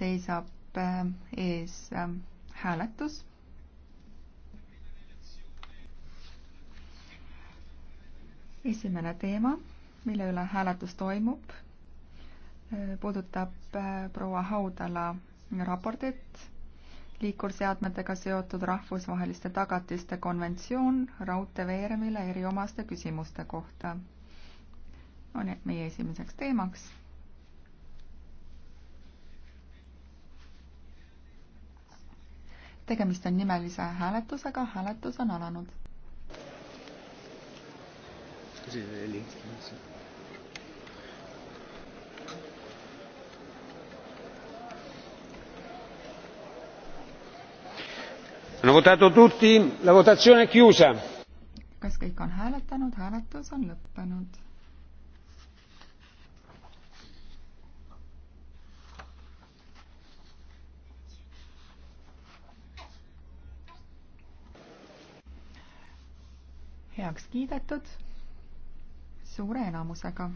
seisab äh, ees äh, hääletus. esimene teema, mille üle hääletus toimub, äh, puudutab proua Haudala raportit liikurseadmetega seotud rahvusvaheliste tagatiste konventsioon raudteeveeremile eriomaste küsimuste kohta on meie esimeseks teemaks tegemist on nimelise hääletusega, hääletus on alanud. kas kõik on hääletanud, hääletus on lõppenud heaks kiidetud suure enamusega.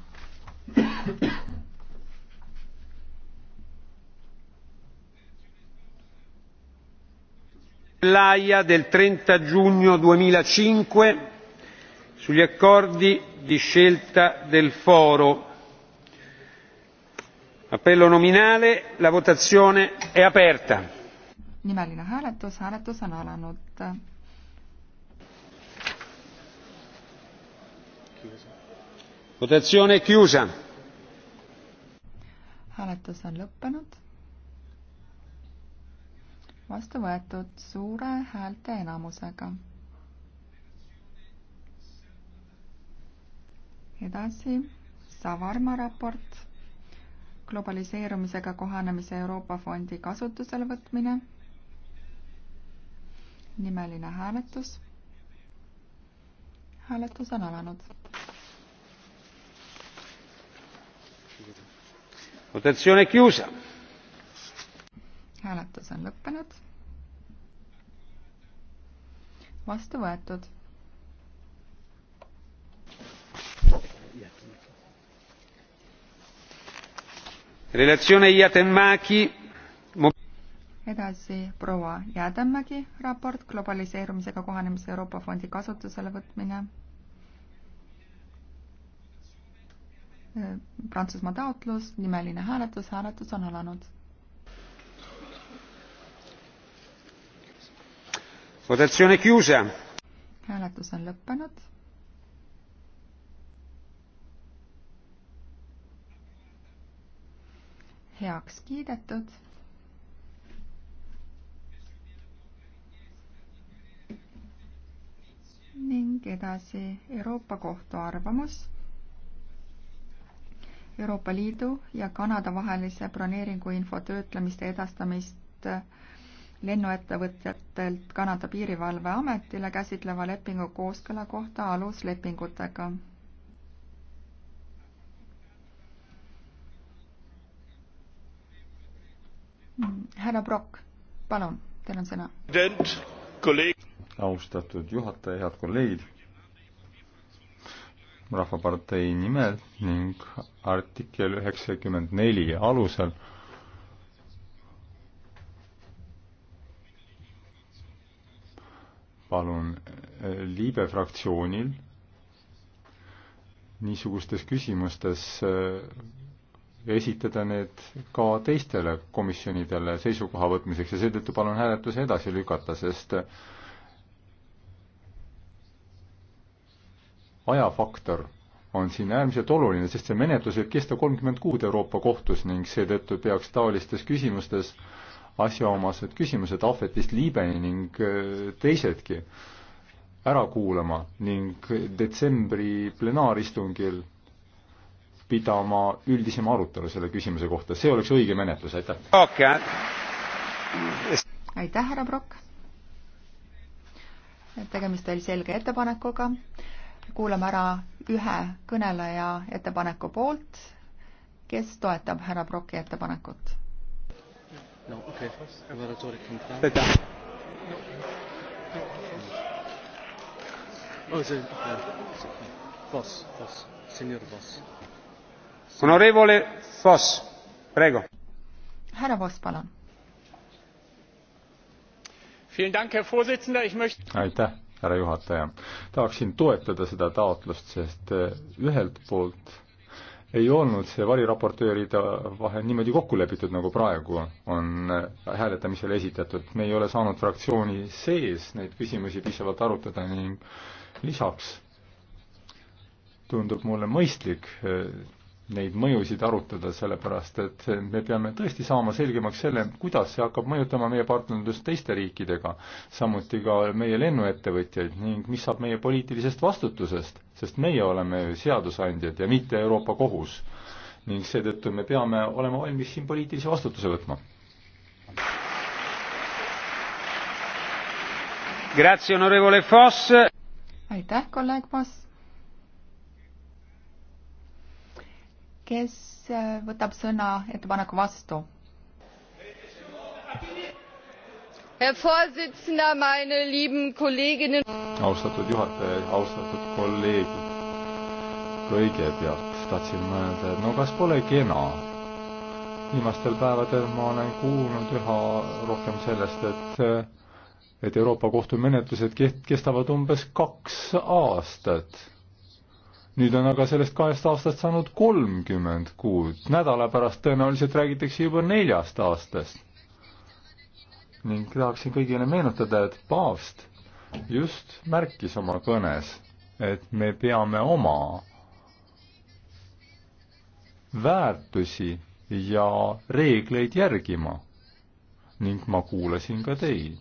L'AIA del 30 giugno 2005 sugli accordi di scelta del foro. Appello nominale, la votazione è aperta. Nimeline hääletus, hääletus on alanud. votatsioone chiusa. hääletus on lõppenud. vastu võetud suure häälte enamusega. edasi Savarma raport, globaliseerumisega kohanemise Euroopa Fondi kasutusele võtmine. nimeline hääletus. hääletus on alanud votatsioon chiusa hääletus on lõppenud vastu võetud relatsioone Jätenmägi edasi proua Jäätemägi raport globaliseerumisega kohanemise Euroopa Fondi kasutusele võtmine Prantsusmaa taotlus, nimeline hääletus, hääletus on alanud. hääletus on lõppenud. heaks kiidetud. ning edasi Euroopa Kohtu arvamus Euroopa Liidu ja Kanada vahelise broneeringuinfo töötlemist ja edastamist lennuettevõtjatelt Kanada piirivalveametile käsitleva lepingu kooskõla kohta aluslepingutega. härra Brock, palun, teil on sõna. austatud juhataja, head kolleegid Rahvapartei nimel ning artikkel üheksakümmend neli alusel palun eh, Liibe fraktsioonil niisugustes küsimustes eh, esitada need ka teistele komisjonidele seisukoha võtmiseks ja seetõttu palun hääletuse edasi lükata, sest eh, ajafaktor on siin äärmiselt oluline, sest see menetlus võib kesta kolmkümmend kuud Euroopa kohtus ning seetõttu peaks taolistes küsimustes asjaomased küsimused ahvetist liibeni ning äh, teisedki ära kuulama ning detsembri plenaaristungil pidama üldisema arutelu selle küsimuse kohta, see oleks õige menetlus, aitäh okay.. aitäh, härra Brock. tegemist oli selge ettepanekuga kuulame ära ühe kõneleja ettepaneku poolt, kes toetab härra Broki ettepanekut No, okay. Il relatore contrario. Aspetta. Oh, sì. Voss, Voss, signor Voss. Onorevole Voss, prego. Härra Voss, palun. Vielen Dank, Herr Vorsitzender. Ich möchte... Aitäh, härra juhataja. tahaksin toetada seda taotlust, sest eh, ühelt poolt ei olnud see variraportööride vahel niimoodi kokku lepitud, nagu praegu on eh, hääletamisele esitatud. me ei ole saanud fraktsiooni sees neid küsimusi piisavalt arutada ning lisaks tundub mulle mõistlik eh, neid mõjusid arutada, sellepärast et me peame tõesti saama selgemaks selle, kuidas see hakkab mõjutama meie partnerlust teiste riikidega, samuti ka meie lennuettevõtjaid ning mis saab meie poliitilisest vastutusest, sest meie oleme ju seadusandjad ja mitte Euroopa Kohus. ning seetõttu me peame olema valmis siin poliitilise vastutuse võtma. aitäh, kolleeg Voss kes äh, võtab sõna ettepaneku vastu? austatud juhataja, austatud kolleegid, kõigepealt tahtsin mõelda, et no kas pole kena. viimastel päevadel ma olen kuulnud üha rohkem sellest, et et Euroopa Kohtu menetlused kestavad umbes kaks aastat nüüd on aga sellest kahest aastast saanud kolmkümmend kuud, nädala pärast tõenäoliselt räägitakse juba neljast aastast. ning tahaksin kõigile meenutada, et paavst just märkis oma kõnes, et me peame oma väärtusi ja reegleid järgima ning ma kuulasin ka teid.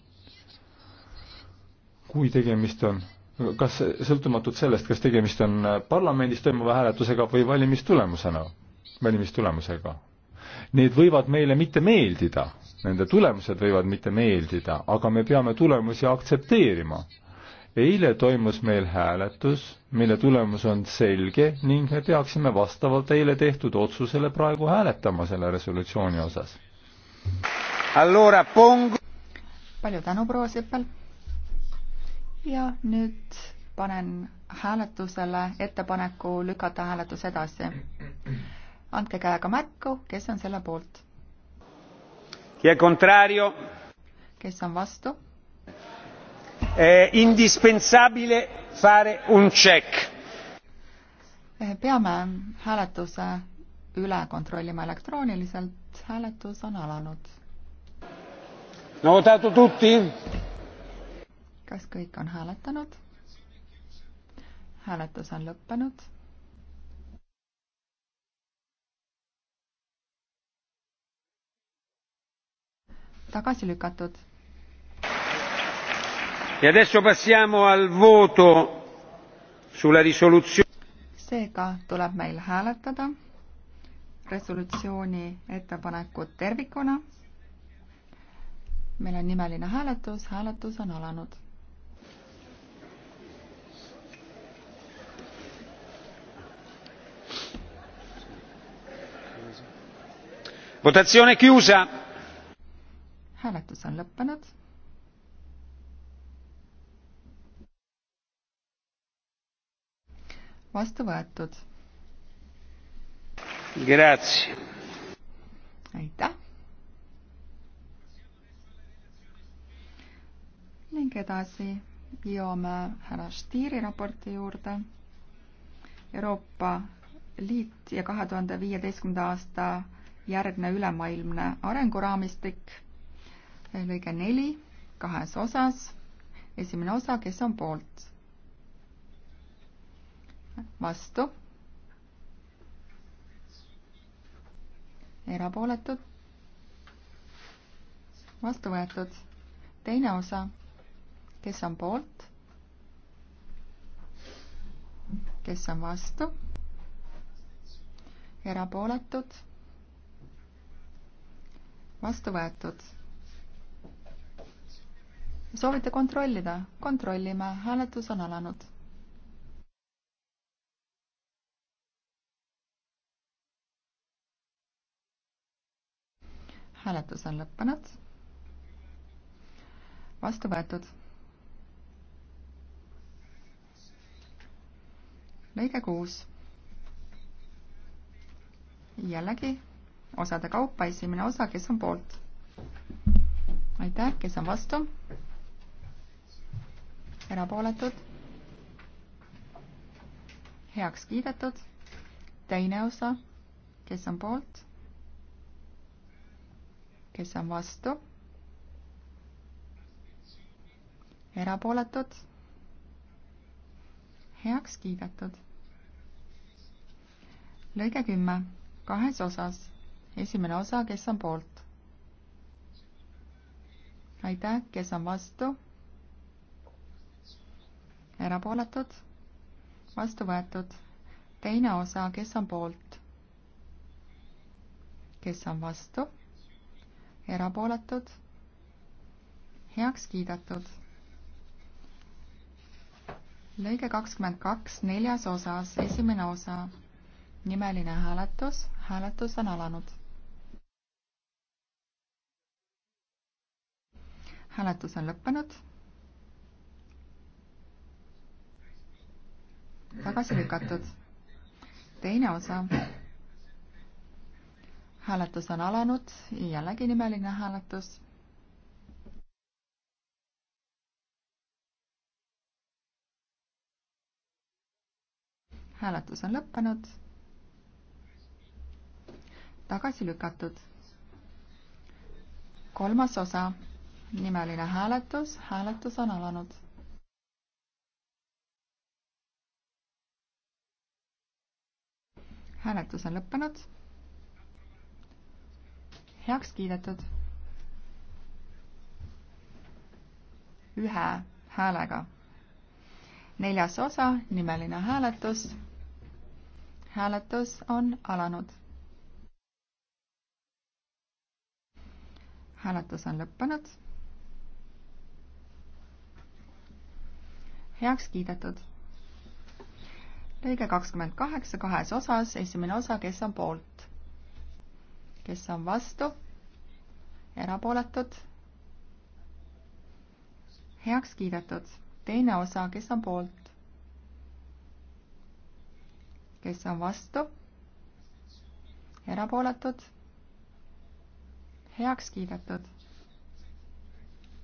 kui tegemist on kas sõltumatult sellest, kas tegemist on parlamendis toimuva hääletusega või valimistulemusena, valimistulemusega. Need võivad meile mitte meeldida, nende tulemused võivad mitte meeldida, aga me peame tulemusi aktsepteerima. eile toimus meil hääletus, mille tulemus on selge ning me peaksime vastavalt eile tehtud otsusele praegu hääletama selle resolutsiooni osas. palju tänu, proua Seppel! ja nüüd panen hääletusele ettepaneku lükata hääletus edasi. andke käega märku, kes on selle poolt. kes on vastu? indispensabile fare un check. Eh, peame hääletuse üle kontrollima elektrooniliselt, hääletus on alanud. no tänu tutti kas kõik on hääletanud? hääletus on lõppenud. tagasi lükatud. ja adesso passiamo al voto sulla risoluzione. seega tuleb meil hääletada resolutsiooni ettepanekut tervikuna. meil on nimeline hääletus, hääletus on alanud. votatsioone chiusa. hääletus on lõppenud. vastu võetud. Grazie. aitäh. ning edasi jõuame härra Stiiri raporti juurde. Euroopa Liit ja kahe tuhande viieteistkümnenda aasta järgne ülemaailmne arenguraamistik, lõige neli, kahes osas. esimene osa, kes on poolt? vastu. erapooletud. vastu võetud. teine osa, kes on poolt? kes on vastu? erapooletud vastu võetud. soovite kontrollida? kontrollime, hääletus on alanud. hääletus on lõppenud. vastu võetud. lõige kuus. jällegi osade kaupa, esimene osa, kes on poolt? aitäh, kes on vastu? erapooletud? heaks kiidetud. teine osa, kes on poolt? kes on vastu? erapooletud? heaks kiidetud. lõige kümme, kahes osas esimene osa, kes on poolt? aitäh, kes on vastu? erapooletud? vastu võetud. teine osa, kes on poolt? kes on vastu? erapooletud? heaks kiidetud. lõige kakskümmend kaks neljas osas, esimene osa. nimeline hääletus, hääletus on alanud hääletus on lõppenud. tagasi lükatud. teine osa. hääletus on alanud, jällegi nimeline hääletus. hääletus on lõppenud. tagasi lükatud. kolmas osa nimeline hääletus, hääletus on alanud. hääletus on lõppenud. heaks kiidetud. ühe häälega. neljas osa, nimeline hääletus. hääletus on alanud hääletus on lõppenud heaks kiidetud. lõige kakskümmend kaheksa kahes osas, esimene osa, kes on poolt, kes on vastu, erapooletud, heaks kiidetud. teine osa, kes on poolt, kes on vastu, erapooletud, heaks kiidetud.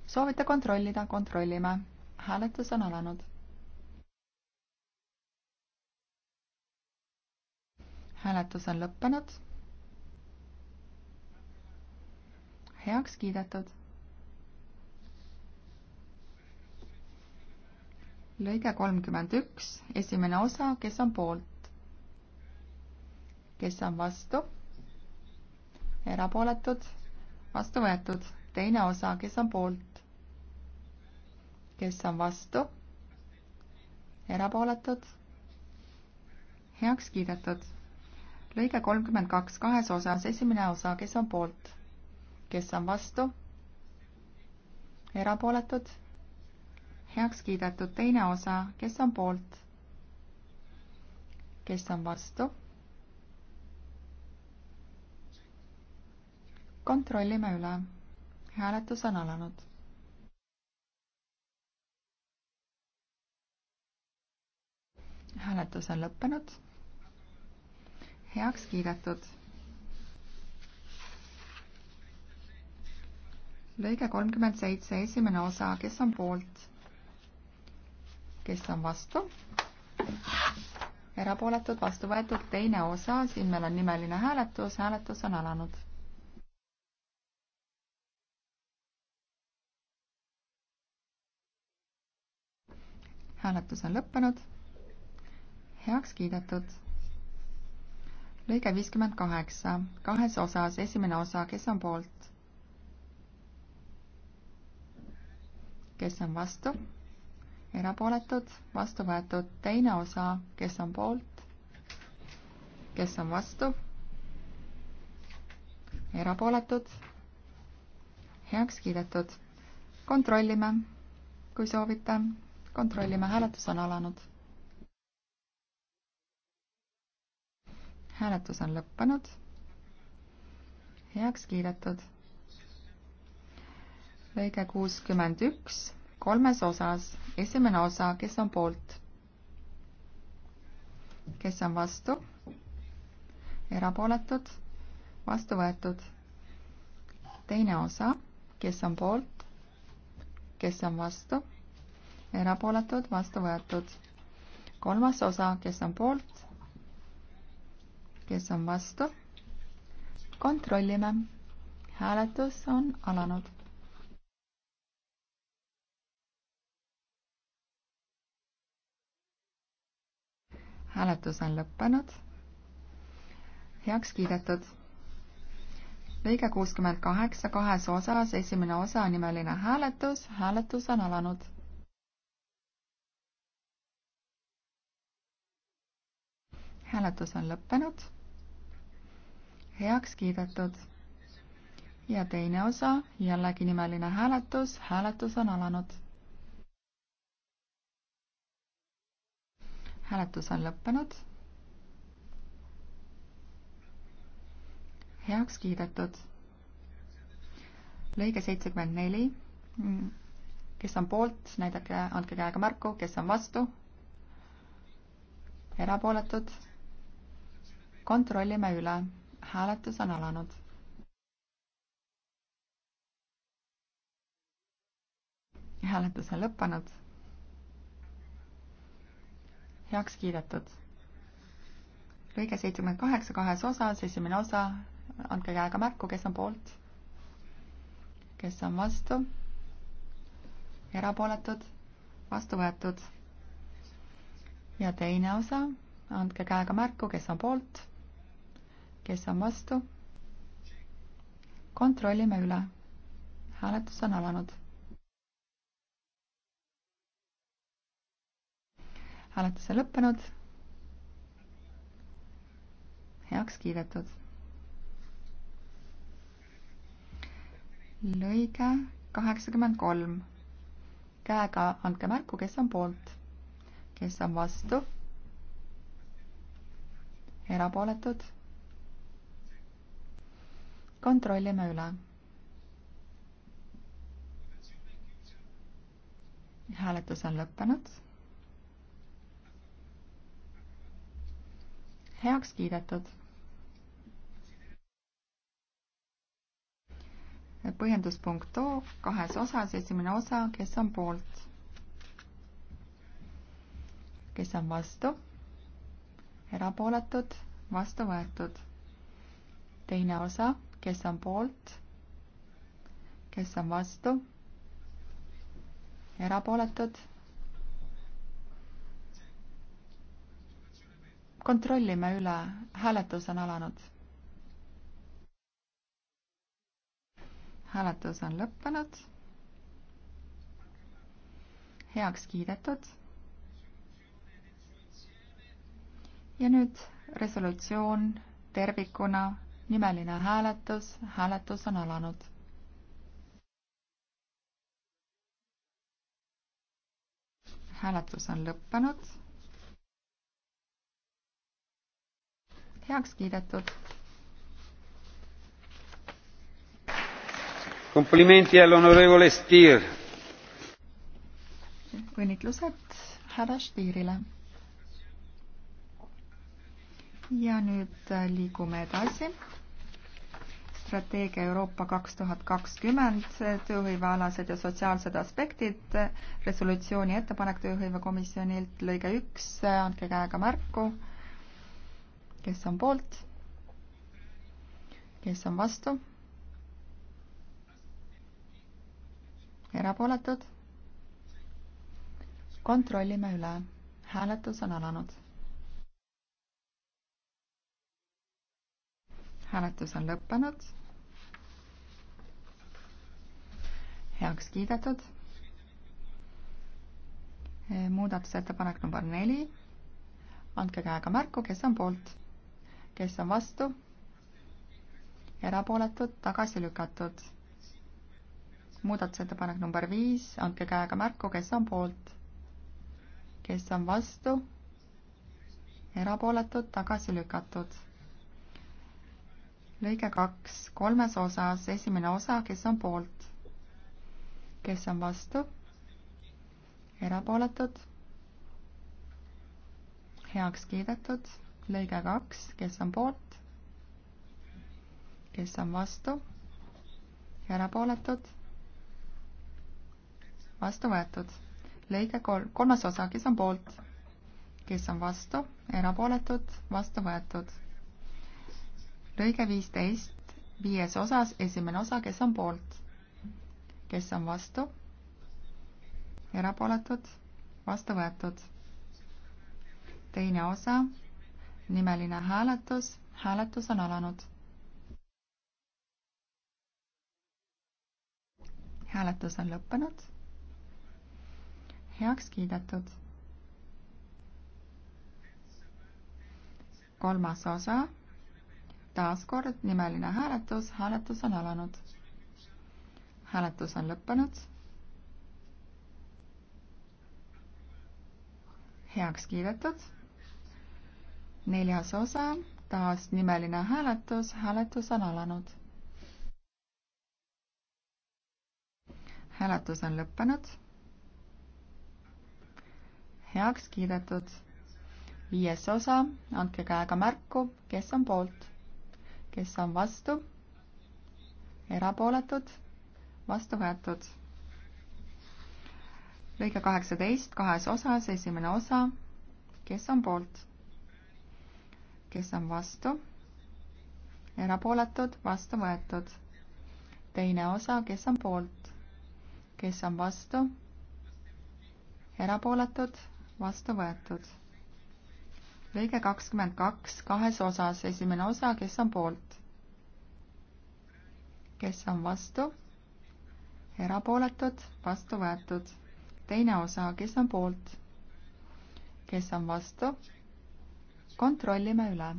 soovite kontrollida, kontrollime hääletus on alanud. hääletus on lõppenud. heaks kiidetud. lõige kolmkümmend üks, esimene osa, kes on poolt? kes on vastu? erapooletud, vastu võetud, teine osa, kes on poolt? kes on vastu, erapooletud, heaks kiidetud. lõige kolmkümmend kaks kahes osas, esimene osa, kes on poolt, kes on vastu, erapooletud, heaks kiidetud, teine osa, kes on poolt, kes on vastu kontrollime üle. hääletus on alanud. hääletus on lõppenud. heaks kiidetud. lõige kolmkümmend seitse, esimene osa, kes on poolt? kes on vastu? erapooletud, vastu võetud, teine osa, siin meil on nimeline hääletus, hääletus on alanud hääletus on lõppenud heaks kiidetud. lõige viiskümmend kaheksa, kahes osas, esimene osa, kes on poolt? kes on vastu? erapooletud, vastu võetud, teine osa, kes on poolt? kes on vastu? erapooletud, heaks kiidetud. kontrollime, kui soovite, kontrollime, hääletus on alanud hääletus on lõppenud, heaks kiidetud. lõige kuuskümmend üks, kolmes osas, esimene osa, kes on poolt? kes on vastu? erapooletud, vastu võetud. teine osa, kes on poolt? kes on vastu? erapooletud, vastu võetud. kolmas osa, kes on poolt? kes on vastu. kontrollime. hääletus on alanud. hääletus on lõppenud. heaks kiidetud. lõige kuuskümmend kaheksa kahes osas, esimene osa nimeline hääletus, hääletus on alanud. hääletus on lõppenud heaks kiidetud. ja teine osa, jällegi nimeline hääletus, hääletus on alanud. hääletus on lõppenud. heaks kiidetud. lõige seitsekümmend neli. kes on poolt, näidake, andke käega märku, kes on vastu. erapooletud. kontrollime üle hääletus on alanud. hääletus on lõppenud. heaks kiidetud. lõige seitsekümmend kaheksa kahes osas, esimene osa, andke käega märku, kes on poolt, kes on vastu, erapooletud, vastu võetud. ja teine osa, andke käega märku, kes on poolt kes on vastu? kontrollime üle. hääletus on alanud. hääletus on lõppenud. heaks kiidetud. lõige kaheksakümmend kolm. käega andke märku, kes on poolt, kes on vastu, erapooletud kontrollime üle. hääletus on lõppenud. heaks kiidetud. põhjenduspunkt O kahes osas, esimene osa, kes on poolt, kes on vastu, erapooletud, vastu võetud. teine osa kes on poolt, kes on vastu, erapooletud. kontrollime üle, hääletus on alanud. hääletus on lõppenud. heaks kiidetud ja nüüd resolutsioon tervikuna nimeline hääletus, hääletus on alanud. hääletus on lõppenud. heaks kiidetud. Complimenti all'onorevole Stier. õnnitlused härra Stierile ja nüüd liigume edasi strateegia Euroopa kaks tuhat kakskümmend, tööhõivealased ja sotsiaalsed aspektid, resolutsiooni ettepanek tööhõivekomisjonilt, lõige üks, andke käega märku, kes on poolt, kes on vastu, erapooletud, kontrollime üle, hääletus on alanud hääletus on lõppenud. heaks kiidetud. muudatusettepanek number neli. andke käega märku, kes on poolt, kes on vastu, erapooletud, tagasi lükatud. muudatusettepanek number viis, andke käega märku, kes on poolt, kes on vastu, erapooletud, tagasi lükatud lõige kaks, kolmes osas, esimene osa, kes on poolt, kes on vastu? erapooletud? heaks kiidetud. lõige kaks, kes on poolt? kes on vastu? erapooletud? vastu võetud. lõige kolm, kolmas osa, kes on poolt? kes on vastu? erapooletud? vastu võetud. lõige viisteist, viies osas, esimene osa, kes on poolt? kes on vastu? erapooletud, vastu võetud. teine osa, nimeline hääletus, hääletus on alanud. hääletus on lõppenud, heaks kiidetud. kolmas osa, taaskord nimeline hääletus, hääletus on alanud hääletus on lõppenud. heaks kiidetud. neljas osa, taas nimeline hääletus, hääletus on alanud. hääletus on lõppenud. heaks kiidetud. viies osa, andke käega märku, kes on poolt, kes on vastu, erapooletud vastu võetud. lõige kaheksateist kahes osas, esimene osa, kes on poolt, kes on vastu, erapooletud, vastu võetud. teine osa, kes on poolt, kes on vastu, erapooletud, vastu võetud lõige kakskümmend kaks kahes osas, esimene osa, kes on poolt, kes on vastu erapooletud, vastu võetud. teine osa, kes on poolt, kes on vastu, kontrollime üle.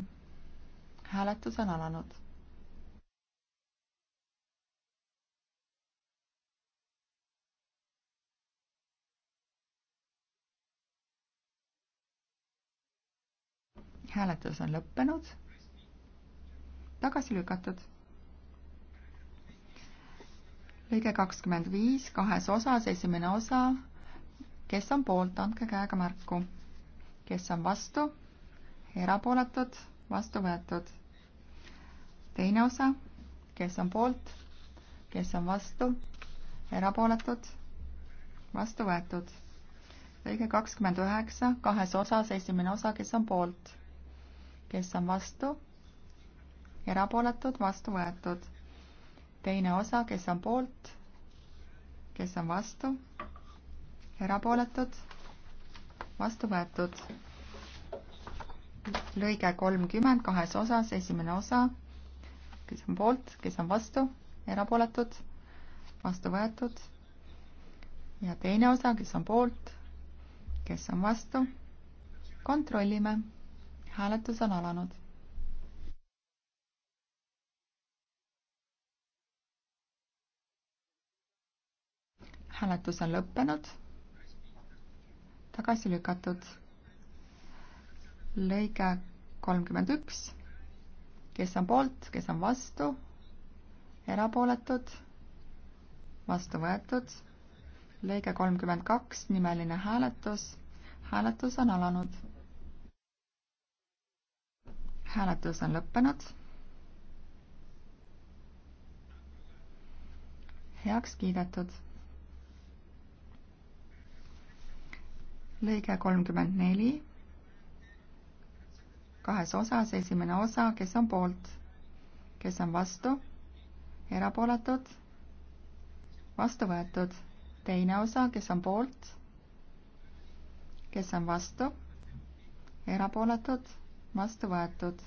hääletus on alanud. hääletus on lõppenud, tagasi lükatud lõige kakskümmend viis kahes osas, esimene osa, kes on poolt, andke käega märku. kes on vastu, erapooletud, vastu võetud. teine osa, kes on poolt, kes on vastu, erapooletud, vastu võetud. lõige kakskümmend üheksa kahes osas, esimene osa, kes on poolt, kes on vastu, erapooletud, vastu võetud teine osa, kes on poolt, kes on vastu, erapooletud, vastu võetud. lõige kolmkümmend kahes osas, esimene osa, kes on poolt, kes on vastu, erapooletud, vastu võetud. ja teine osa, kes on poolt, kes on vastu, kontrollime. hääletus on alanud. hääletus on lõppenud, tagasi lükatud. lõige kolmkümmend üks, kes on poolt, kes on vastu, erapooletud, vastu võetud. lõige kolmkümmend kaks, nimeline hääletus, hääletus on alanud. hääletus on lõppenud heaks kiidetud lõige kolmkümmend neli, kahes osas, esimene osa, kes on poolt, kes on vastu, erapooletud, vastu võetud, teine osa, kes on poolt, kes on vastu, erapooletud, vastu võetud.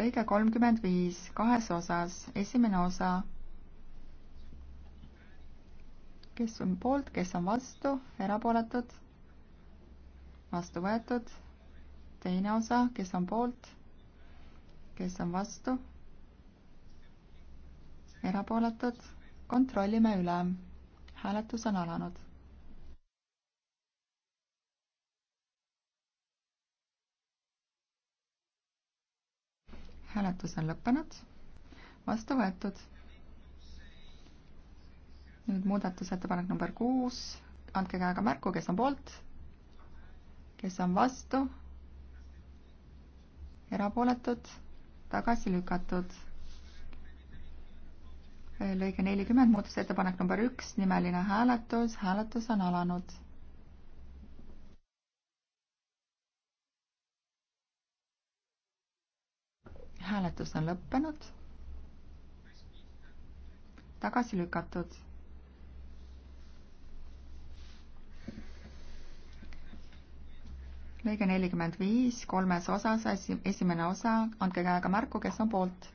lõige kolmkümmend viis, kahes osas, esimene osa kes on poolt, kes on vastu, erapooletud, vastu võetud. teine osa, kes on poolt, kes on vastu, erapooletud, kontrollime üle. hääletus on alanud hääletus on lõppenud, vastu võetud nüüd muudatusettepanek number kuus, andke käega märku, kes on poolt, kes on vastu, erapooletud, tagasi lükatud. lõige nelikümmend, muudatusettepanek number üks, nimeline hääletus, hääletus on alanud hääletus on lõppenud, tagasi lükatud lõige nelikümmend viis kolmes osas, esimene osa, andke käega märku, kes on poolt.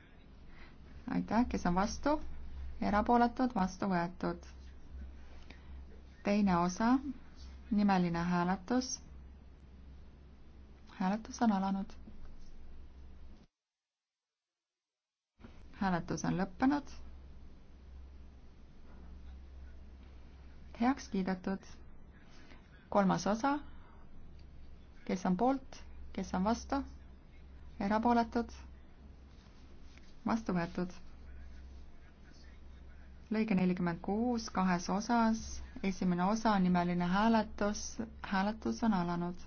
aitäh, kes on vastu, erapooletud, vastu võetud. teine osa, nimeline hääletus. hääletus on alanud. hääletus on lõppenud. heaks kiidetud. kolmas osa kes on poolt, kes on vastu, erapooletud, vastu võetud. lõige nelikümmend kuus kahes osas, esimene osa, nimeline hääletus, hääletus on alanud.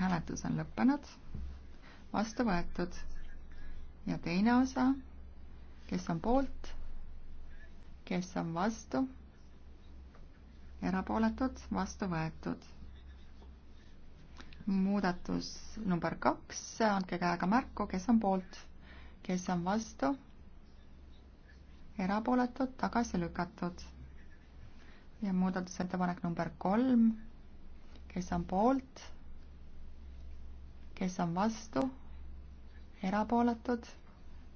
hääletus on lõppenud, vastu võetud ja teine osa kes on poolt, kes on vastu, erapooletud, vastu võetud. muudatus number kaks, andke käega märku, kes on poolt, kes on vastu, erapooletud, tagasi lükatud. ja muudatusettepanek number kolm, kes on poolt, kes on vastu, erapooletud,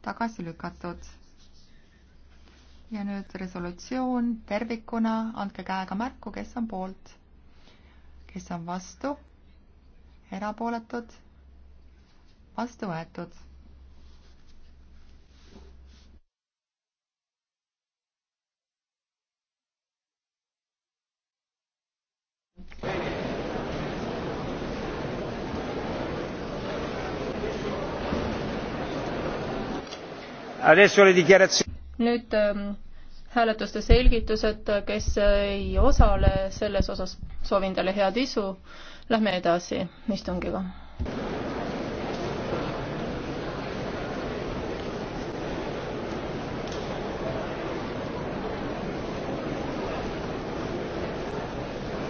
tagasi lükatud ja nüüd resolutsioon tervikuna, andke käega märku, kes on poolt, kes on vastu, erapooletud, vastu võetud. adesso le dichiarazioni nüüd ähm, hääletuste selgitused, kes ei osale selles osas, soovin teile head isu. Lähme edasi istungiga.